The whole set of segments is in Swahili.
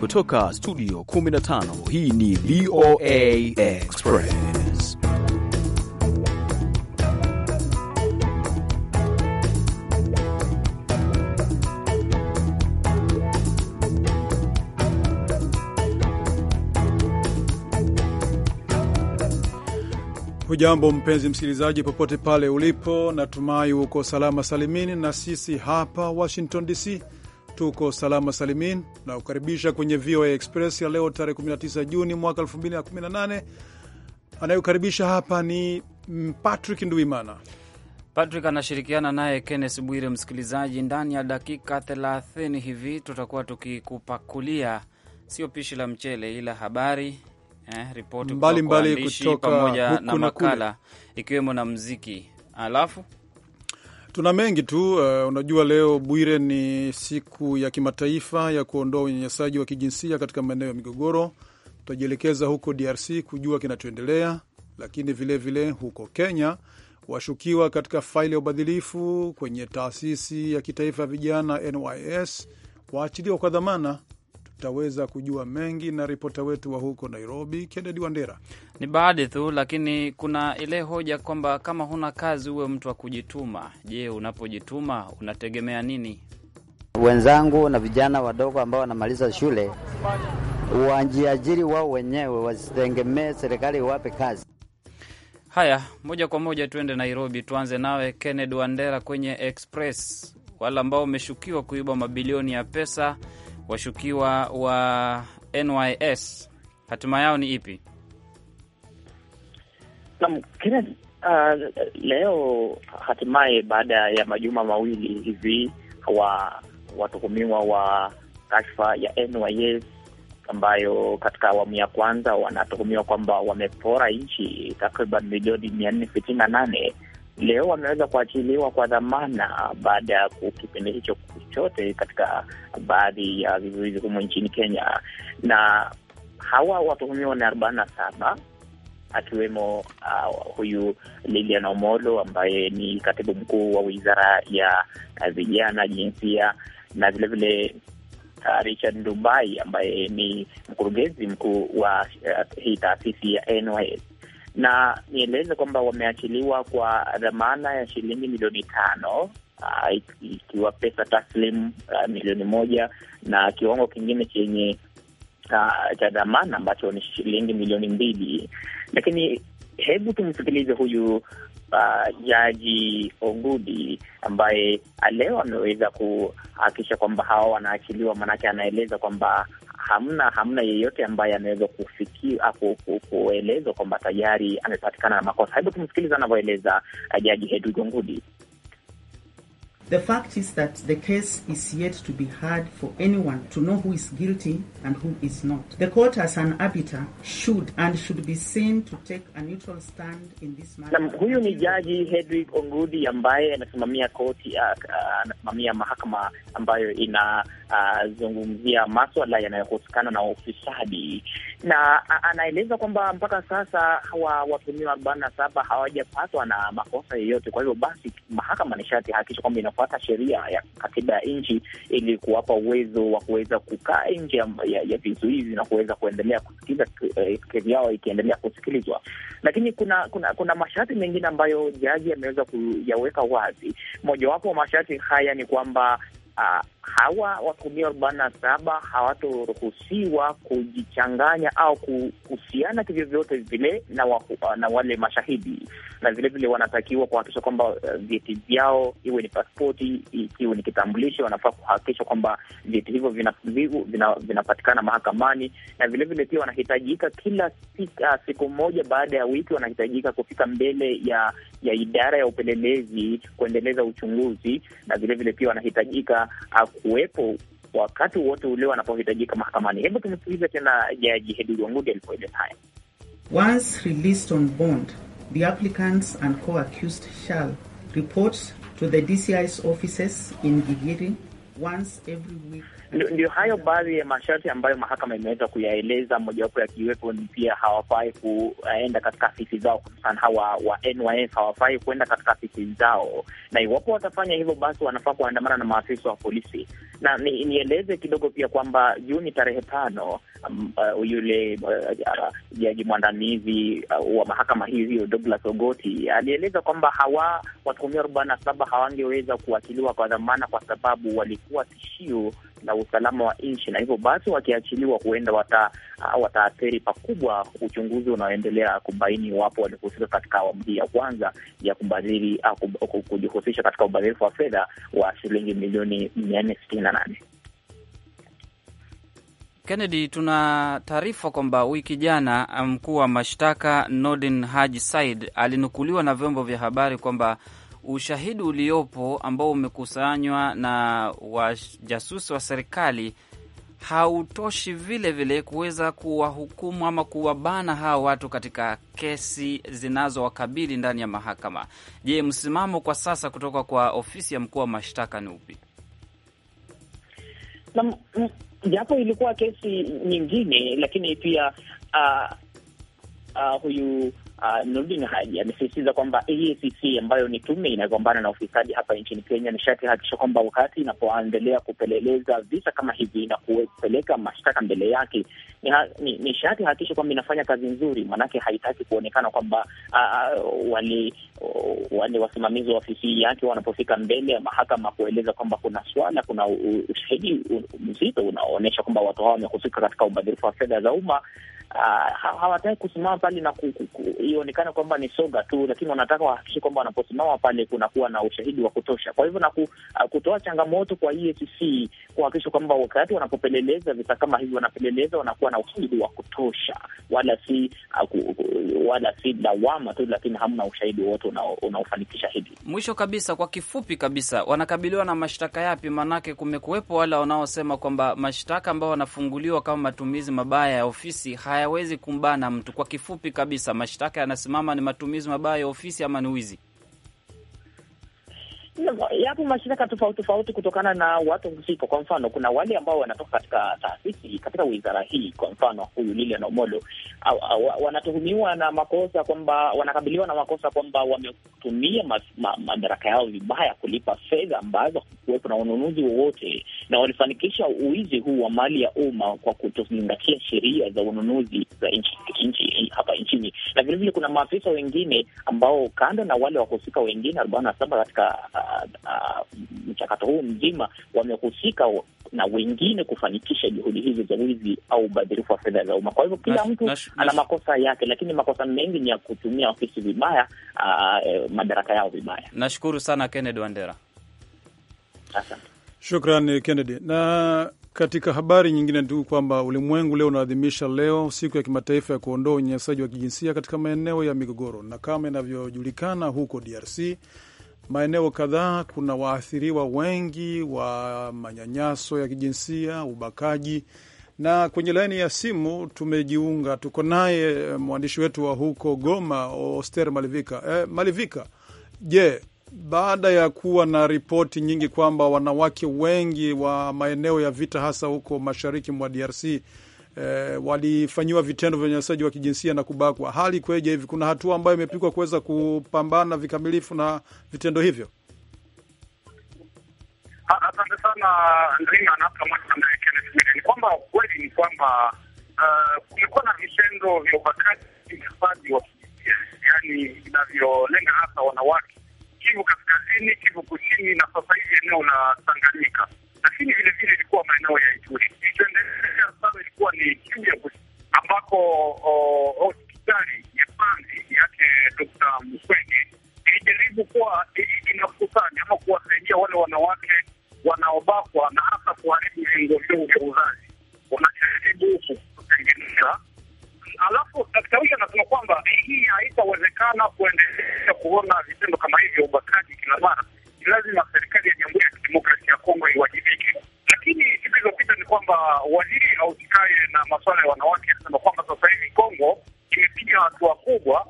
Kutoka studio 15 hii ni VOA Express. Hujambo mpenzi msikilizaji, popote pale ulipo, natumai uko salama salimini, na sisi hapa Washington DC tuko salama salimin na kukaribisha kwenye VOA Express ya leo tarehe 19 Juni mwaka 2018. Anayokaribisha hapa ni Patrick Nduimana. Patrick anashirikiana naye Kenneth Bwire. Msikilizaji, ndani ya dakika 30 hivi tutakuwa tukikupakulia sio pishi la mchele, ila habari eh, ripoti mbalimbali kutoka pamoja na makala ikiwemo na mziki alafu Tuna mengi tu uh, unajua leo Bwire, ni siku ya kimataifa ya kuondoa unyanyasaji wa kijinsia katika maeneo ya migogoro. Tutajielekeza huko DRC kujua kinachoendelea, lakini vilevile vile huko Kenya washukiwa katika faili ya ubadhilifu kwenye taasisi ya kitaifa ya vijana NYS waachiliwa kwa dhamana tutaweza kujua mengi na ripota wetu wa huko Nairobi, Kennedy Wandera. Ni baadhi tu, lakini kuna ile hoja kwamba kama huna kazi uwe mtu wa kujituma. Je, unapojituma unategemea nini? Wenzangu na vijana wadogo ambao wanamaliza shule wajiajiri wao wenyewe, wasitegemee serikali iwape kazi. Haya, moja kwa moja tuende Nairobi, tuanze nawe Kennedy Wandera kwenye Express. Wale ambao wameshukiwa kuiba mabilioni ya pesa washukiwa wa NYS hatima yao ni ipi? Naam, uh, leo hatimaye baada ya majuma mawili hivi wa watuhumiwa wa kashfa ya NYS ambayo katika awamu ya kwanza wanatuhumiwa kwamba wamepora nchi takriban milioni mia nne sitini na nane leo wameweza kuachiliwa kwa dhamana baada ya kipindi hicho chote katika baadhi ya vizuizi humo nchini Kenya. Na hawa watuhumiwa ni arobaini na saba akiwemo uh, huyu Lilian Omolo ambaye ni katibu mkuu wa wizara ya uh, vijana, jinsia na vilevile uh, Richard dubai ambaye ni mkurugenzi mkuu wa uh, hii taasisi ya NYS na nieleze kwamba wameachiliwa kwa dhamana ya shilingi milioni tano ah, ikiwa pesa uh, milioni moja na kiwango kingine chenye ah, cha dhamana ambacho ni shilingi milioni mbili. Lakini hebu tumsikilize huyu uh, Jaji Ogudi ambaye leo ameweza kuhakikisha kwamba hawa wanaachiliwa, maanake anaeleza kwamba hamna hamna yeyote ambaye anaweza kufikia ah, kuelezwa kwamba tayari amepatikana na makosa. Hebu tumsikiliza anavyoeleza ah, Jaji Hedwig Ongudi. The fact is that the case is yet to be heard for anyone to know who is guilty and who is not. The court as an arbiter should and should be seen to take a neutral stand in this matter. Na huyu ni Jaji Hedwig Ongudi ambaye anasimamia koti, anasimamia mahakama ambayo inazungumzia uh, maswala yanayohusikana na ufisadi na anaeleza kwamba mpaka sasa hawa watumiwa arobaini na saba hawajapatwa na makosa yoyote. Kwa hivyo basi mahakama nishati hakikisha kwamba kupata sheria ya katiba ya nchi ili kuwapa uwezo wa kuweza kukaa nje ya, ya vizuizi na kuweza kuendelea kusikiza eh, kesi yao ikiendelea kusikilizwa. Lakini kuna kuna, kuna masharti mengine ambayo jaji ameweza kuyaweka wazi. Mojawapo wa masharti haya ni kwamba uh, hawa watumia arobaini na saba hawatoruhusiwa kujichanganya au kuhusiana kivyovyote vile na, waku, na wale mashahidi, na vilevile wanatakiwa kuhakikisha kwamba uh, vyeti vyao, iwe ni paspoti, ikiwe ni kitambulisho, wanafaa kuhakikisha kwamba vyeti hivyo vinapatikana vina, vina, vina mahakamani, na vilevile pia wanahitajika kila sika, siku moja baada ya wiki wanahitajika kufika mbele ya ya idara ya upelelezi kuendeleza uchunguzi, na vilevile pia wanahitajika uh, kuwepo wakati wote ule wanapohitajika mahakamani. Hebu tumsikilize tena Jaji Heduru Wangudi alipoeleza haya. Once released on bond, the applicants and co-accused shall report to the DCI's offices in Gigiri once every week. Ndio hayo baadhi ya masharti ambayo mahakama imeweza kuyaeleza, mojawapo yakiwepo ni pia hawafai kuenda katika afisi zao, hususan hawa wa NYS hawafai kuenda katika afisi zao, na iwapo watafanya hivyo, basi wanafaa kuandamana na maafisa wa polisi. Na nieleze ni, kidogo pia kwamba Juni tarehe tano um, uh, yule uh, jaji uh, uh, mwandamizi uh, wa mahakama hiyo Douglas Ogoti alieleza kwamba hawa watuhumiwa arobaini na saba hawangeweza kuachiliwa kwa dhamana kwa sababu wali kuwa tishio la usalama wa nchi, na hivyo basi wakiachiliwa, huenda ah, wataathiri wata pakubwa uchunguzi unaoendelea kubaini iwapo walihusika katika awamu hii ya kwanza ya kubadhiri ah, kujihusisha katika ubadhirifu wa fedha wa shilingi milioni mia nne sitini na nane. Kennedy, tuna taarifa kwamba wiki jana mkuu wa mashtaka Nordin Haji Said alinukuliwa na vyombo vya habari kwamba ushahidi uliopo ambao umekusanywa na wajasusi wa serikali hautoshi vile vile kuweza kuwahukumu ama kuwabana hawa watu katika kesi zinazowakabili ndani ya mahakama. Je, msimamo kwa sasa kutoka kwa ofisi ya mkuu wa mashtaka ni upi? Japo ilikuwa kesi nyingine, lakini pia uh, uh, huyu uh, Nurdin Haji amesisitiza kwamba AACC ambayo ni tume inayogombana na ufisadi hapa nchini Kenya ni sharti hakikisha kwamba wakati inapoendelea kupeleleza visa kama hivi na kupeleka mashtaka mbele yake ni, ni, sharti hakikisha kwamba inafanya kazi nzuri, maanake haitaki kuonekana kwamba uh, wale uh, wale wasimamizi wa ofisi yake wanapofika mbele ya mahakama kueleza kwamba kuna swala, kuna ushahidi mzito unaoonyesha kwamba watu hao wamehusika katika ubadhirifu wa fedha za umma uh, hawataki kusimama pale na ionekana kwamba ni soga tu, lakini wanataka wahakikishe kwamba wanaposimama pale kunakuwa na ushahidi wa kutosha. Kwa hivyo na ku, uh, kutoa changamoto kwa EACC kuhakikisha kwamba wakati wanapopeleleza visa kama hivi, wanapeleleza wanakuwa na ushahidi wa kutosha, wala si uh, ku, wala si lawama tu, lakini hamna ushahidi wote unaofanikisha hili. Mwisho kabisa, kwa kifupi kabisa, wanakabiliwa na mashtaka yapi? Maanake kumekuwepo wale wanaosema kwamba mashtaka ambayo wanafunguliwa kama matumizi mabaya ya ofisi haya hayawezi kumbana mtu. Kwa kifupi kabisa, mashtaka yanasimama ni matumizi mabaya ya ofisi ama ni wizi yapo mashirika tofauti tofauti kutokana na watu husika. Kwa mfano, kuna wale ambao wanatoka katika taasisi katika wizara hii, kwa mfano huyu Lilian Omolo, wanatuhumiwa na makosa kwamba wanakabiliwa na makosa kwamba wametumia madaraka ma, yao vibaya kulipa fedha ambazo kuwepo na ununuzi wowote, na walifanikisha uizi huu wa mali ya umma kwa kutozingatia sheria za ununuzi za nchi, nchi, hapa nchini. Na vilevile kuna maafisa wengine ambao kando na wale wahusika wengine arobaini na saba katika Uh, uh, mchakato huu mzima wamehusika na wengine kufanikisha juhudi hizo za wizi au ubadhirifu wa fedha za umma. Kwa hivyo kila mtu nash, ana makosa yake, lakini makosa mengi ni ya kutumia ofisi vibaya, uh, uh madaraka yao vibaya. Nashukuru sana Kennedy Wandera, asante. Shukrani eh, Kennedy. Na katika habari nyingine tu kwamba ulimwengu leo unaadhimisha leo siku ya kimataifa ya kuondoa unyanyasaji wa kijinsia katika maeneo ya migogoro, na kama inavyojulikana huko DRC maeneo kadhaa kuna waathiriwa wengi wa manyanyaso ya kijinsia, ubakaji. Na kwenye laini ya simu tumejiunga, tuko naye eh, mwandishi wetu wa huko Goma, Oster Malivika. Eh, Malivika, je, baada ya kuwa na ripoti nyingi kwamba wanawake wengi wa maeneo ya vita hasa huko mashariki mwa DRC eh, walifanyiwa vitendo vya unyanyasaji wa kijinsia na kubakwa. Hali kweje hivi? Kuna hatua ambayo imepigwa kuweza kupambana vikamilifu na vitendo hivyo? Ah, asante sana Ndringa na Kenneth ni kwamba kweli ni kwamba eh, kumekuwa na vitendo vya ubakaji, unyanyasaji wa kijinsia, yani, vinavyolenga hasa wanawake Kivu Kaskazini, Kivu Kusini na sasa hivi eneo la Tanganyika lakini vile vile ilikuwa maeneo ya Ituri. Ilichoendelea sana ilikuwa ni juu ya ambako hospitali ya Panzi yake Dr. Mukwege ilijaribu kuwa inakusanya ama kuwasaidia wale wanawake wanaobakwa na hasa kuharibu viungo vyao vya uzazi, wanajaribu kutengeneza. Alafu daktari huyo anasema kwamba hii haitawezekana kuendelea kuona vitendo kama hivyo ubakaji kila mara, ni lazima serikali ya Jamhuri ya Kidemokrasia ya Kongo iwa waziri ausikaye na masuala ya wanawake anasema kwamba sasa hivi Kongo imepiga hatua kubwa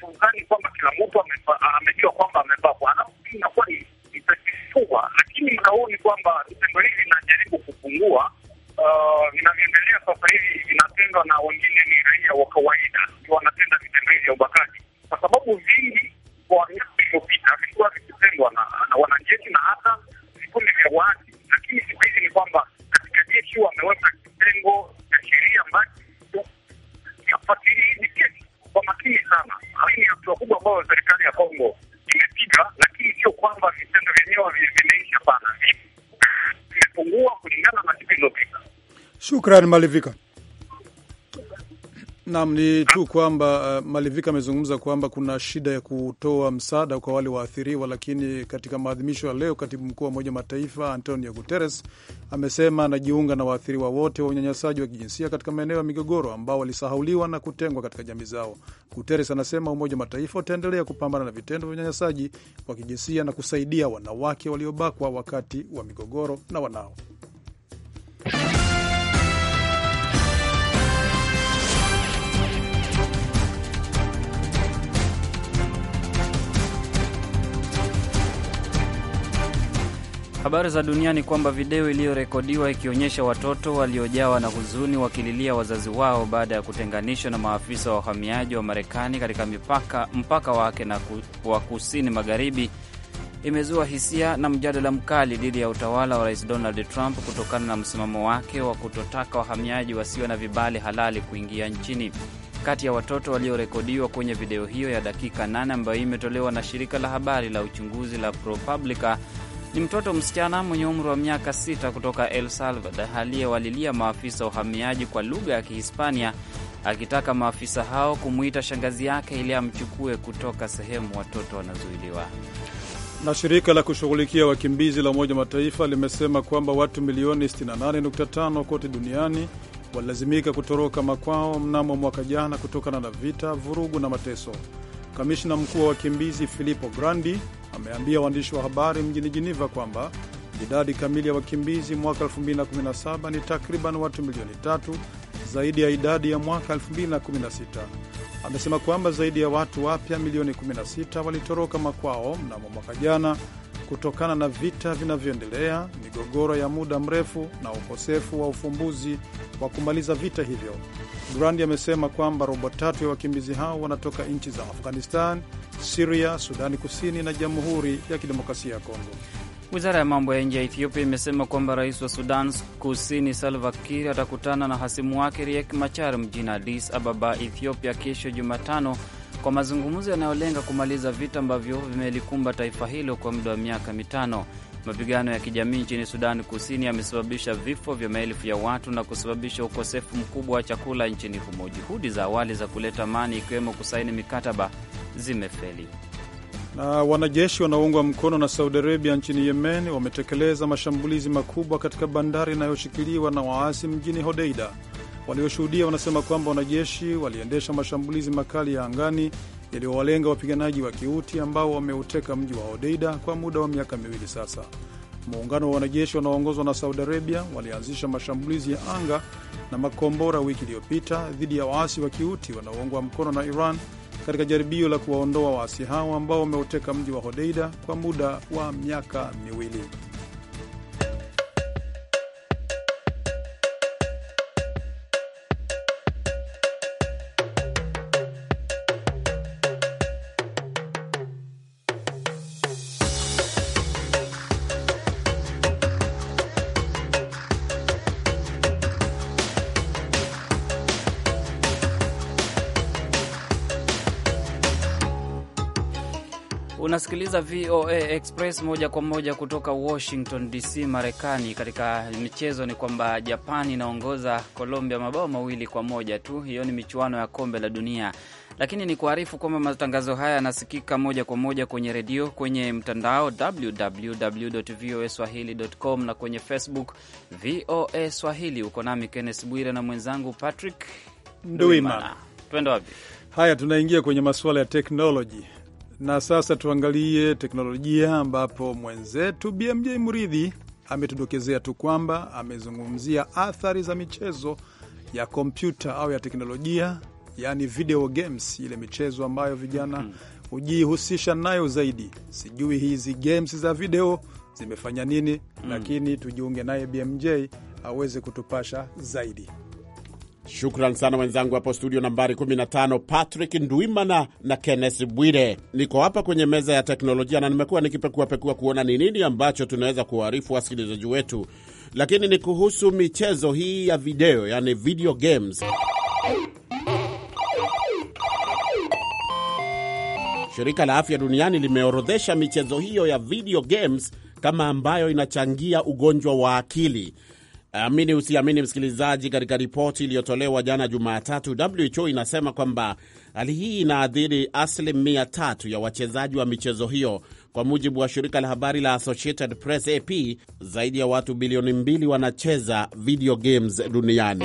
haudhani kwamba kila mtu amejua kwamba amevaa bwana, inakuwa itakifua. Lakini mda huu ni kwamba tendo hili linajaribu kupungua, vinavyoendelea uh, sasa hivi vinatendwa na Shukrani Malivika. Naam, ni tu kwamba uh, Malivika amezungumza kwamba kuna shida ya kutoa msaada kwa wale waathiriwa, lakini katika maadhimisho ya leo, katibu mkuu wa Umoja wa Mataifa Antonio Guterres amesema anajiunga na waathiriwa wote wa unyanyasaji wa kijinsia katika maeneo ya migogoro ambao walisahauliwa na kutengwa katika jamii zao. Guterres anasema Umoja wa Mataifa utaendelea kupambana na vitendo vya unyanyasaji wa kijinsia na kusaidia wanawake waliobakwa wakati wa migogoro na wanao Habari za dunia ni kwamba video iliyorekodiwa ikionyesha watoto waliojawa na huzuni wakililia wazazi wao baada ya kutenganishwa na maafisa wa uhamiaji wa Marekani katika mipaka, mpaka wake na ku, wa kusini magharibi imezua hisia na mjadala mkali dhidi ya utawala wa Rais Donald Trump kutokana na msimamo wake wa kutotaka wahamiaji wasio na vibali halali kuingia nchini. Kati ya watoto waliorekodiwa kwenye video hiyo ya dakika 8 ambayo imetolewa na shirika la habari la uchunguzi la ProPublica ni mtoto msichana mwenye umri wa miaka sita kutoka El Salvador aliyewalilia maafisa wa uhamiaji kwa lugha ya Kihispania akitaka maafisa hao kumwita shangazi yake ili amchukue kutoka sehemu watoto wanazuiliwa. Na shirika la kushughulikia wakimbizi la Umoja Mataifa limesema kwamba watu milioni 68.5 kote duniani walilazimika kutoroka makwao mnamo mwaka jana kutokana na vita, vurugu na mateso. Kamishna mkuu wa wakimbizi Filippo Grandi ameambia waandishi wa habari mjini jiniva kwamba idadi kamili ya wakimbizi mwaka 2017 ni takriban watu milioni tatu zaidi ya idadi ya mwaka 2016. Amesema kwamba zaidi ya watu wapya milioni 16 walitoroka makwao mnamo mwaka jana kutokana na vita vinavyoendelea, migogoro ya muda mrefu na ukosefu wa ufumbuzi wa kumaliza vita hivyo. Grandi amesema kwamba robo tatu ya wakimbizi hao wanatoka nchi za Afghanistan, Siria, Sudani Kusini na Jamhuri ya Kidemokrasia ya Kongo. Wizara ya mambo ya nje ya Ethiopia imesema kwamba rais wa Sudan Kusini Salva Kiir atakutana na hasimu wake Riek Machar mjini Addis Ababa, Ethiopia, kesho Jumatano kwa mazungumzo yanayolenga kumaliza vita ambavyo vimelikumba taifa hilo kwa muda wa miaka mitano. Mapigano ya kijamii nchini Sudan Kusini yamesababisha vifo vya maelfu ya watu na kusababisha ukosefu mkubwa wa chakula nchini humo. Juhudi za awali za kuleta amani, ikiwemo kusaini mikataba, zimefeli. Na wanajeshi wanaoungwa mkono na Saudi Arabia nchini Yemen wametekeleza mashambulizi makubwa katika bandari inayoshikiliwa na waasi mjini Hodeida. Walioshuhudia wanasema kwamba wanajeshi waliendesha mashambulizi makali ya angani yaliyowalenga wapiganaji wa Kiuti ambao wameuteka mji wa Hodeida kwa muda wa miaka miwili sasa. Muungano wa wanajeshi wanaoongozwa na Saudi Arabia walianzisha mashambulizi ya anga na makombora wiki iliyopita dhidi ya waasi wa Kiuti wanaoungwa mkono na Iran katika jaribio la kuwaondoa waasi hao ambao wameuteka mji wa Hodeida kwa muda wa miaka miwili. Unasikiliza VOA Express moja kwa moja kutoka Washington DC, Marekani. Katika michezo ni kwamba Japan inaongoza Colombia mabao mawili kwa moja tu. Hiyo ni michuano ya kombe la dunia, lakini ni kuarifu kwamba matangazo haya yanasikika moja kwa moja kwenye redio, kwenye mtandao www voa swahili.com na kwenye Facebook VOA Swahili. Uko nami Kennes Bwire na mwenzangu Patrick Nduimana. Twende wapi? Haya, tunaingia kwenye masuala ya teknoloji. Na sasa tuangalie teknolojia, ambapo mwenzetu BMJ Mridhi ametudokezea tu kwamba amezungumzia athari za michezo ya kompyuta au ya teknolojia, yani video games, ile michezo ambayo vijana hmm. hujihusisha nayo zaidi. Sijui hizi games za video zimefanya nini, mm. Lakini tujiunge naye BMJ aweze kutupasha zaidi. Shukran sana wenzangu hapo studio nambari 15, Patrick Ndwimana na kennes Bwire. Niko hapa kwenye meza ya teknolojia na nimekuwa nikipekuapekua kuona ni nini ambacho tunaweza kuwaarifu wasikilizaji wetu, lakini ni kuhusu michezo hii ya video, yani video games. Shirika la Afya Duniani limeorodhesha michezo hiyo ya video games kama ambayo inachangia ugonjwa wa akili Amini usiamini, msikilizaji, katika ripoti iliyotolewa jana Jumatatu, WHO inasema kwamba hali hii inaathiri asilimia tatu ya wachezaji wa michezo hiyo. Kwa mujibu wa shirika la habari la Associated Press AP, zaidi ya watu bilioni mbili wanacheza video games duniani.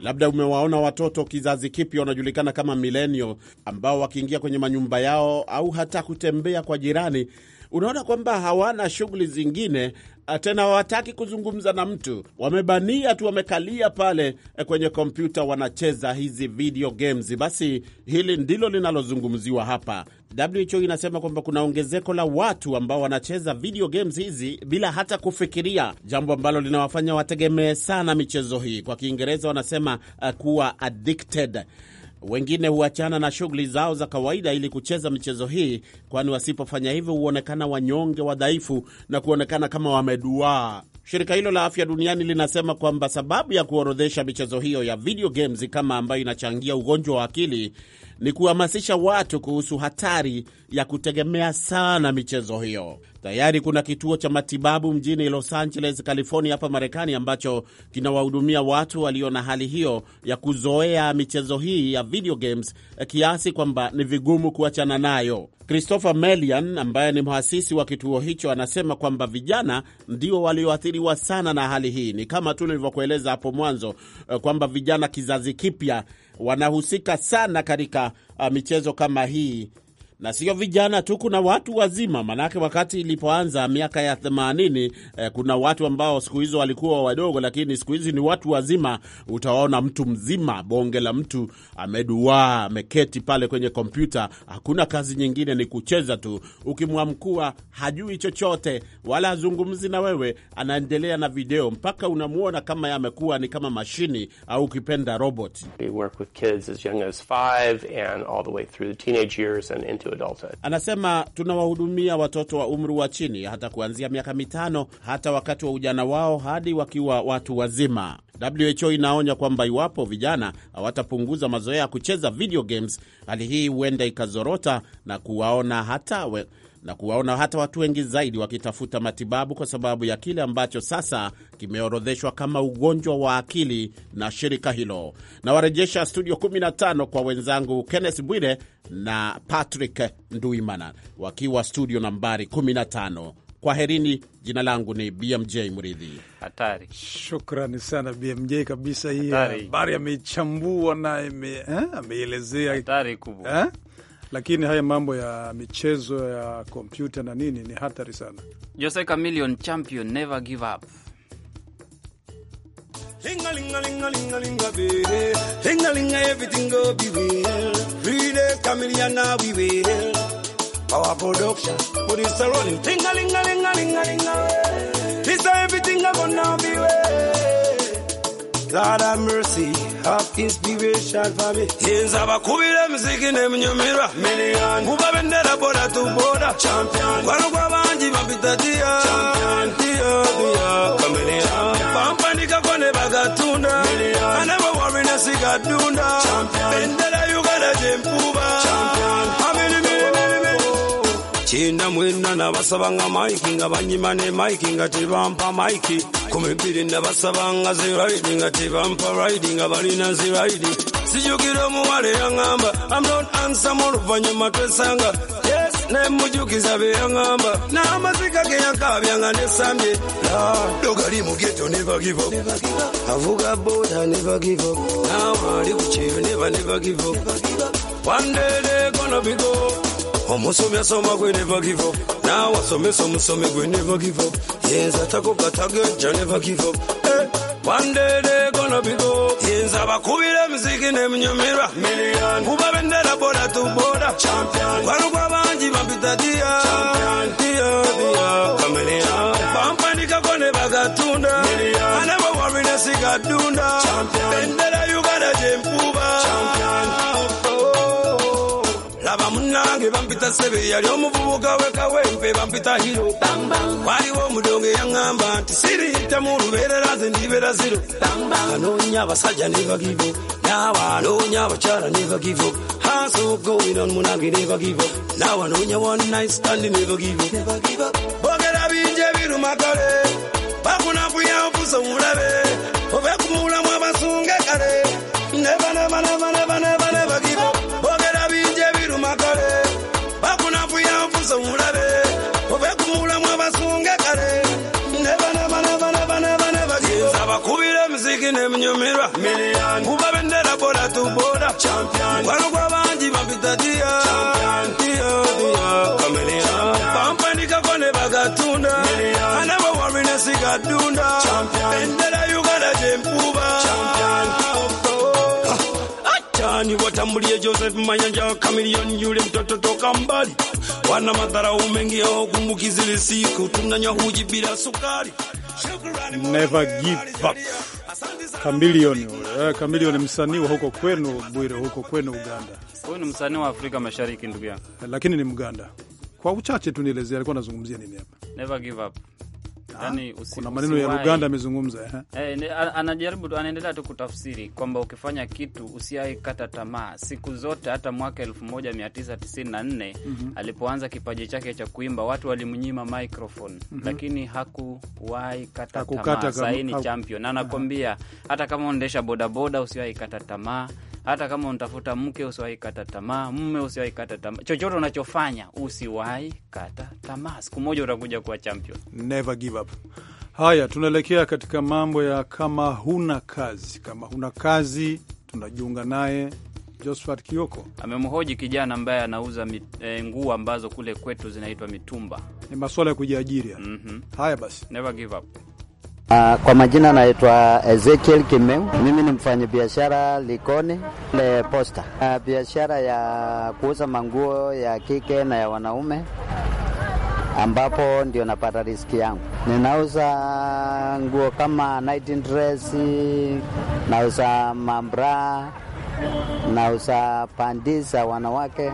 Labda umewaona watoto kizazi kipya wanajulikana kama milenio, ambao wakiingia kwenye manyumba yao au hata kutembea kwa jirani unaona kwamba hawana shughuli zingine eh, tena, hawataki kuzungumza na mtu, wamebania tu, wamekalia pale eh, kwenye kompyuta, wanacheza hizi video games. Basi hili ndilo linalozungumziwa hapa. WHO inasema kwamba kuna ongezeko la watu ambao wanacheza video games hizi bila hata kufikiria, jambo ambalo linawafanya wategemee sana michezo hii. Kwa Kiingereza wanasema uh, kuwa addicted. Wengine huachana na shughuli zao za kawaida ili kucheza michezo hii, kwani wasipofanya hivyo huonekana wanyonge, wadhaifu na kuonekana kama wameduaa. Shirika hilo la afya duniani linasema kwamba sababu ya kuorodhesha michezo hiyo ya video games kama ambayo inachangia ugonjwa wa akili ni kuhamasisha watu kuhusu hatari ya kutegemea sana michezo hiyo. Tayari kuna kituo cha matibabu mjini Los Angeles, California, hapa Marekani, ambacho kinawahudumia watu walio na hali hiyo ya kuzoea michezo hii ya video games eh, kiasi kwamba ni vigumu kuachana nayo. Christopher Melian ambaye ni mhasisi wa kituo hicho anasema kwamba vijana ndio walioathiriwa sana na hali hii. Ni kama tu nilivyokueleza hapo mwanzo eh, kwamba vijana, kizazi kipya, wanahusika sana katika ah, michezo kama hii na sio vijana tu, kuna watu wazima. Manake wakati ilipoanza miaka ya 80 eh, kuna watu ambao siku hizo walikuwa wadogo, lakini siku hizi ni watu wazima. Utaona mtu mzima, bonge la mtu ameduaa, ameketi pale kwenye kompyuta, hakuna kazi nyingine, ni kucheza tu. Ukimwamkua hajui chochote wala hazungumzi na wewe, anaendelea na video mpaka unamwona kama yamekuwa ni kama mashini au ukipenda robot. We work with kids as young as five and all the way through the teenage years and into adulthood. Anasema tunawahudumia watoto wa umri wa chini hata kuanzia miaka mitano hata wakati wa ujana wao hadi wakiwa watu wazima. WHO inaonya kwamba iwapo vijana hawatapunguza mazoea ya kucheza video games, hali hii huenda ikazorota na kuwaona hata we, na kuwaona hata watu wengi zaidi wakitafuta matibabu kwa sababu ya kile ambacho sasa kimeorodheshwa kama ugonjwa wa akili na shirika hilo. Nawarejesha studio 15 kwa wenzangu Kenneth Bwire na Patrick Nduimana wakiwa studio nambari 15. Kwaherini, jina langu ni BMJ Mridhi. Hatari. Shukrani sana BMJ, kabisa hii habari ameichambua na eh, ameelezea lakini haya mambo ya michezo ya kompyuta na nini ni hatari sana. Jose Chameleone, champion never give up. God have mercy, have inspiration for me. Yenza bakubira mziki ne mnyumirwa million. Kuba bendera boda tu boda champion. Kwano kwa banji mapita dia. Champion dia dia kambelia. Pampanika kone bagatunda. Million. Anebo warina gadunda Champion. Bendera Uganda jempuba. Champion. Amini kyenda mwena nabasabanga mike nga banyima ne mike nga tebampa mike kumibiri nabasabanga ziraidi nga tebampa raidi nga balina ziraidi sijukira omuwale yangamba amnon ansa muluvanyuma twesanga yes nemujukiza beyangamba namazika geyakabyanga nesambye dogalimu geto nebagivo avuga boda nebagivo nawali kukyeyo neba nebagivo wandede gonobigo Omusomi asoma gwe never give up. Now asome so musomi gwe never give up. Yes, atakoka tageja never give up. Hey, eh, one day they gonna be go. Yes, abakubira muziki ne mnyumirwa. Million. Kuba bendera boda to boda. Champion. Kwanu kwa banji bambita dia. Champion. Dia dia. Chameleon. Bampandika kone bagatunda. Million. Anabo warina sigadunda. Champion. Bendera nasebeya ly'omuvubuka we kawempe bampitahiro waliwo omudongo eyaŋŋamba nti siriyitamu lubeerera nze ndibeera ziro anoonya abasajja ne bagivo n'abo anoonya abakyala ne bagivo hanso munange ne bagivo n'abo anoonya one ne bagivo boogera bingi ebiruma bakunakuya obuso mulabe obe abasunge kale ne banabanabana mukazi omulabe obwekumulamu abasunga ni watambulie Joseph Mayanja, wa Kamilion yule mtoto toka mbali, wana madharau mengi yao kumbukizile siku tunanywa huji bila sukari. Never give up. Kamilion, uh, eh, Kamilion msanii wa huko kwenu Bwire, huko kwenu Uganda. Huyu ni msanii wa Afrika Mashariki ndugu yako. Eh, lakini ni Mganda. Kwa uchache tu nielezea alikuwa anazungumzia nini hapa. Never give up. Ah, yani usi, kuna maneno ya Luganda amezungumza eh, eh anajaribu anaendelea tu kutafsiri kwamba ukifanya kitu usiai kata tamaa siku zote. Hata mwaka 1994 mm -hmm. alipoanza kipaji chake cha kuimba watu walimnyima microphone mm -hmm. lakini hakuwahi kata haku tamaa. Saini champion na anakwambia hata kama unaendesha bodaboda usiwahi kata tamaa hata kama unatafuta mke usiwahi kata tamaa, mme usiwahi kata tamaa, chochote unachofanya usiwahi kata tamaa, siku moja utakuja kuwa champion. Never give up. Haya, tunaelekea katika mambo ya kama huna kazi. Kama huna kazi, tunajiunga naye Josphat Kioko amemhoji kijana ambaye anauza eh, nguo ambazo kule kwetu zinaitwa mitumba. Ni masuala ya kujiajiri. mm -hmm. Haya basi, never give up. Uh, kwa majina naitwa Ezekiel Kimeu. Mimi ni biashara Likoni le Posta. Uh, biashara ya kuuza manguo ya kike na ya wanaume ambapo ndio napata riski yangu. Ninauza nguo kama night dress, nauza mambra, nauza pandi za wanawake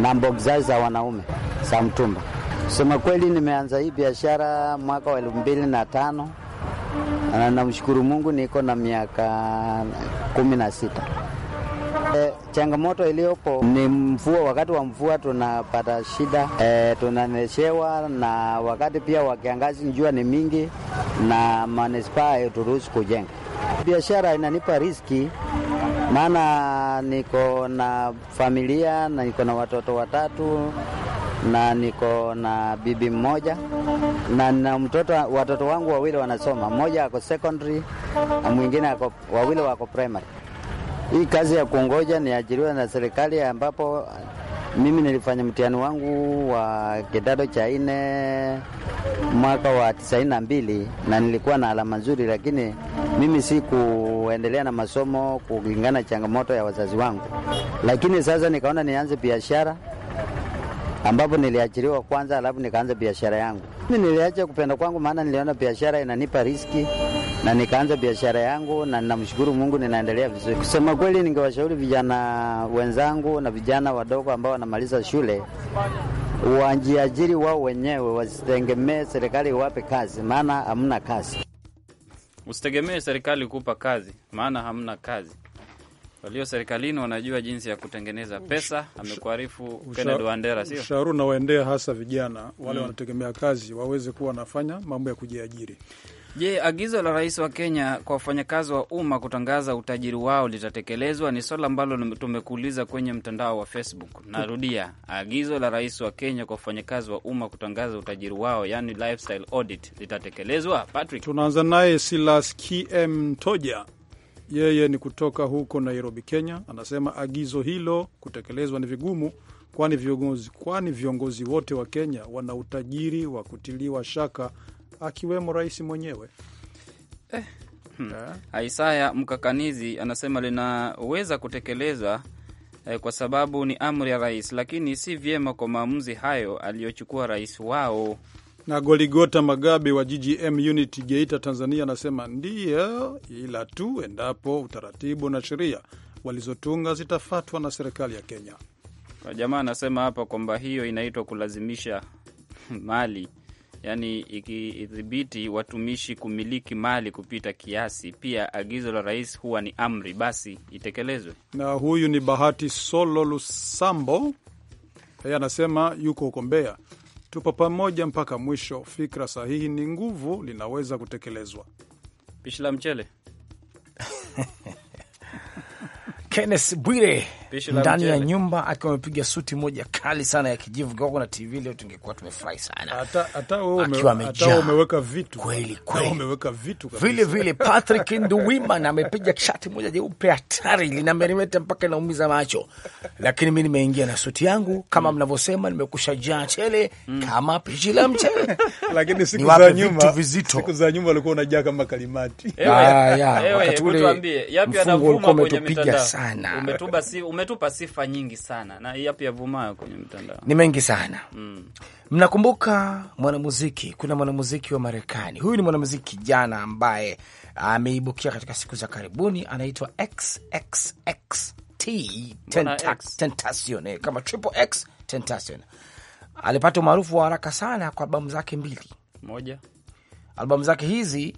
na mbogza za wanaume za mtumba. Kusema kweli, nimeanza hii biashara mwaka wa elfu mbili na tano na namshukuru Mungu niko na miaka kumi na sita. E, changamoto iliyopo ni mvua. Wakati wa mvua tunapata shida e, eh, tunaneshewa na wakati pia wa kiangazi jua ni mingi na manispaa haituruhusu kujenga. Biashara inanipa riski, maana niko na familia na niko na watoto watatu na niko na bibi mmoja na na mtoto watoto wangu wawili wanasoma, mmoja ako secondary na mwingine ako, wawili wako primary. Hii kazi ya kungoja niajiriwa na serikali, ambapo mimi nilifanya mtihani wangu wa kidato cha nne mwaka wa tisaini na mbili na nilikuwa na alama nzuri, lakini mimi si kuendelea na masomo kulingana changamoto ya wazazi wangu, lakini sasa nikaona nianze biashara ambapo niliajiriwa kwanza, alafu nikaanza biashara yangu. Mimi niliacha kupenda kwangu, maana niliona biashara inanipa riski na nikaanza biashara yangu, na ninamshukuru Mungu, ninaendelea vizuri. Kusema kweli, ningewashauri vijana wenzangu na vijana wadogo ambao wanamaliza shule wajiajiri wao wenyewe, wasitegemee serikali iwape kazi, maana hamna kazi. Usitegemee serikali kupa kazi, maana hamna kazi walio serikalini wanajua jinsi ya kutengeneza pesa. Amekuarifu Kennedy Wandera, sio ushauri unaoendea hasa vijana wale mm, wanategemea kazi waweze kuwa wanafanya mambo ya kujiajiri. Je, agizo la rais wa Kenya kwa wafanyakazi wa umma kutangaza utajiri wao litatekelezwa? Ni swala ambalo tumekuuliza kwenye mtandao wa Facebook. Narudia, agizo la rais wa Kenya kwa wafanyakazi wa umma kutangaza utajiri wao, yani lifestyle audit, litatekelezwa? Patrick, tunaanza naye Silas KM Toja yeye ni kutoka huko Nairobi, Kenya. Anasema agizo hilo kutekelezwa ni vigumu, kwani viongozi kwani viongozi wote wa Kenya wana utajiri wa kutiliwa shaka, akiwemo rais mwenyewe eh. Hmm. hmm. Isaya Mkakanizi anasema linaweza kutekelezwa eh, kwa sababu ni amri ya rais, lakini si vyema kwa maamuzi hayo aliyochukua rais wao na Goligota Magabe wa GGM Unit Geita, Tanzania, anasema ndiyo, ila tu endapo utaratibu na sheria walizotunga zitafatwa na serikali ya Kenya. Jamaa anasema hapa kwamba hiyo inaitwa kulazimisha mali, yaani ikidhibiti watumishi kumiliki mali kupita kiasi. Pia agizo la rais huwa ni amri, basi itekelezwe. Na huyu ni Bahati Solo Lusambo, yeye anasema yuko huko Mbeya. Tupo pamoja mpaka mwisho. Fikra sahihi ni nguvu, linaweza kutekelezwa. Pishi la mchele Kenneth Bwire ndani ya nyumba akiwa amepiga suti moja kali sana ya kijivu, kwa na TV leo tungekuwa tumefurahi sana. Hata hata wewe vitu kweli kweli, umeweka vitu Vile vile Patrick Nduwimana amepiga shati moja jeupe hatari, linameremeta mpaka inaumiza macho, lakini mi nimeingia na suti yangu kama mm. mnavyosema, nimekusha jaa chele mm. kama pishi la mchele. Lakini siku za nyuma, siku za nyuma alikuwa unajaa kama kalimati. Haya, wakati ule mfungo anavuma kwenye mitandao sana. Umetupa si, umetupa sifa nyingi sana na yapi yavumayo kwenye mtandao ni mengi sana mm. Mnakumbuka mwanamuziki, kuna mwanamuziki wa Marekani, huyu ni mwanamuziki kijana ambaye ameibukia katika siku za karibuni, anaitwa XXXT Tentacion eh, kama Triple X Tentacion. Alipata umaarufu wa haraka sana kwa albamu zake mbili, moja albamu zake hizi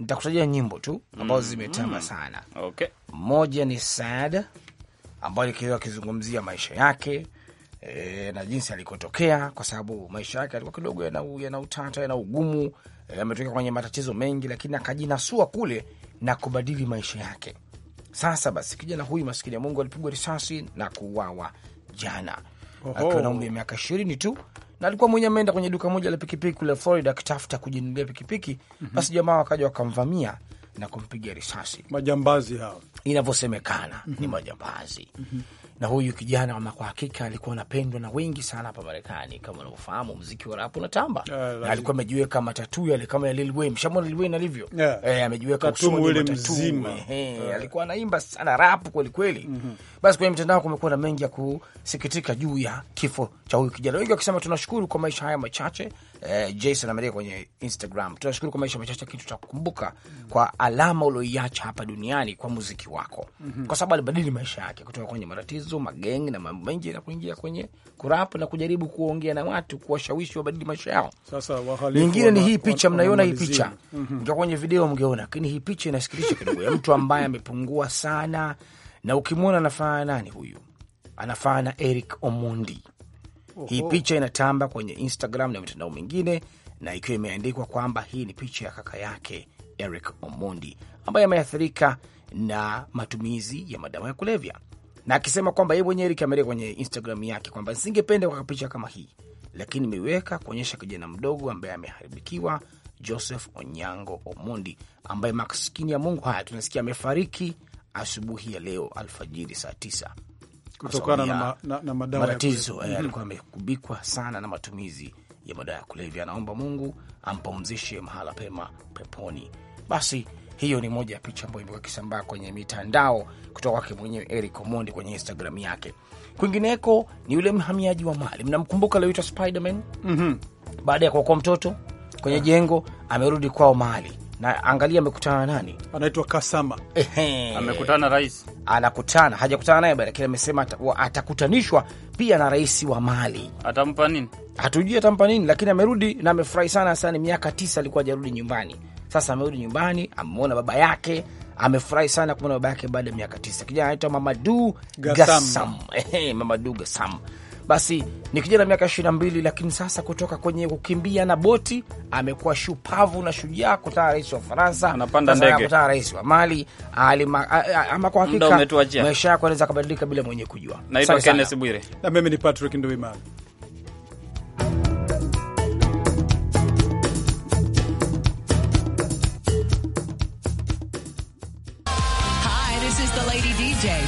nitakutajia nyimbo tu ambazo mm. zimetamba sana okay. Moja ni sad ambayo ikiwa akizungumzia maisha yake e, na jinsi alikotokea, kwa sababu maisha yake alikuwa kidogo yana, yana utata yana ugumu e, ametokea kwenye matatizo mengi, lakini akajinasua kule na kubadili maisha yake. Sasa basi kijana huyu maskini ya Mungu alipigwa risasi na kuuawa jana akiwa na umri wa miaka ishirini tu, na alikuwa mwenye ameenda kwenye duka moja la pikipiki kule Florida akitafuta kujinunulia pikipiki mm -hmm. Basi jamaa wakaja wakamvamia na kumpiga risasi. Majambazi hao, inavyosemekana mm -hmm. ni mhm. majambazi mm -hmm na huyu kijana ama kwa hakika alikuwa anapendwa na wengi sana hapa Marekani. Kama unavyofahamu mziki wa rap unatamba, yeah, na alikuwa amejiweka matatu yale kama ya Lil Wayne. Mshamona Lil Wayne alivyo, yeah. Eh, amejiweka usoni matatu, yeah. Eh, eh. Alikuwa anaimba sana rap kweli kweli. mm -hmm. Basi kwenye mitandao kumekuwa na mengi ya kusikitika juu ya kifo cha huyu kijana, wengi wakisema tunashukuru kwa maisha haya machache eh, Jason Amerika kwenye Instagram. Tunashukuru kwa maisha machache, lakini tutakukumbuka kwa alama ulioiacha hapa duniani kwa muziki wako, mm -hmm. kwa sababu alibadili maisha yake kutoka kwenye matatizo, magengi na mambo mengi na kuingia kwenye kurap na kujaribu kuongea na watu, kuwashawishi wabadili maisha yao. Sasa nyingine ni hii picha, mnaiona hii picha mm -hmm. kwenye video mngeona, lakini hii picha inasikilisha kidogo, ya mtu ambaye amepungua sana, na ukimwona anafana nani huyu? Anafana Eric Omondi hii picha inatamba kwenye Instagram na mitandao mingine, na ikiwa imeandikwa kwamba hii ni picha ya kaka yake Eric Omondi ambaye ameathirika na matumizi ya madawa ya kulevya, na akisema kwamba yeye mwenyewe Eric ameandika kwenye Instagram yake kwamba singependa kwa picha kama hii, lakini imeiweka kuonyesha kijana mdogo ambaye ameharibikiwa, Joseph Onyango Omondi ambaye maskini ya Mungu, haya tunasikia amefariki asubuhi ya leo alfajiri saa tisa kutokana na, na, na madawa matatizo eh, mm-hmm. ya alikuwa mm -hmm. amekubikwa sana na matumizi ya madawa ya kulevya. Anaomba Mungu ampumzishe mahala pema peponi. Basi hiyo ni moja ya picha ambayo imekuwa ikisambaa kwenye mitandao kutoka kwake mwenyewe Eric Omondi kwenye Instagram yake. Kwingineko ni yule mhamiaji wa Mali, mnamkumbuka alioitwa Spiderman? mm -hmm. baada ya kuokoa mtoto kwenye yeah. jengo amerudi kwao Mali na angalia amekutana nani, anaitwa Kasama. Ehe, amekutana rais, anakutana hajakutana naye, lakini amesema atakutanishwa pia na rais wa Mali. Atampa nini hatujui, atampa nini, lakini amerudi na amefurahi sana sana. Miaka tisa alikuwa hajarudi nyumbani, sasa amerudi nyumbani, amemwona baba yake amefurahi sana kumwona baba yake baada ya miaka tisa. Kijana anaitwa Mamadu Gasam, Gasam. Mamadu Gasam basi ni kijana miaka 22, lakini sasa kutoka kwenye kukimbia na boti amekuwa shupavu na shujaa, kutaa rais wa Ufaransa, anapanda ndege, kutaa rais wa Mali. Ama kwa hakika maisha yako anaweza kabadilika bila mwenye kujua. Naitwa Kenneth Bwire na mimi ni Patrick Nduimana.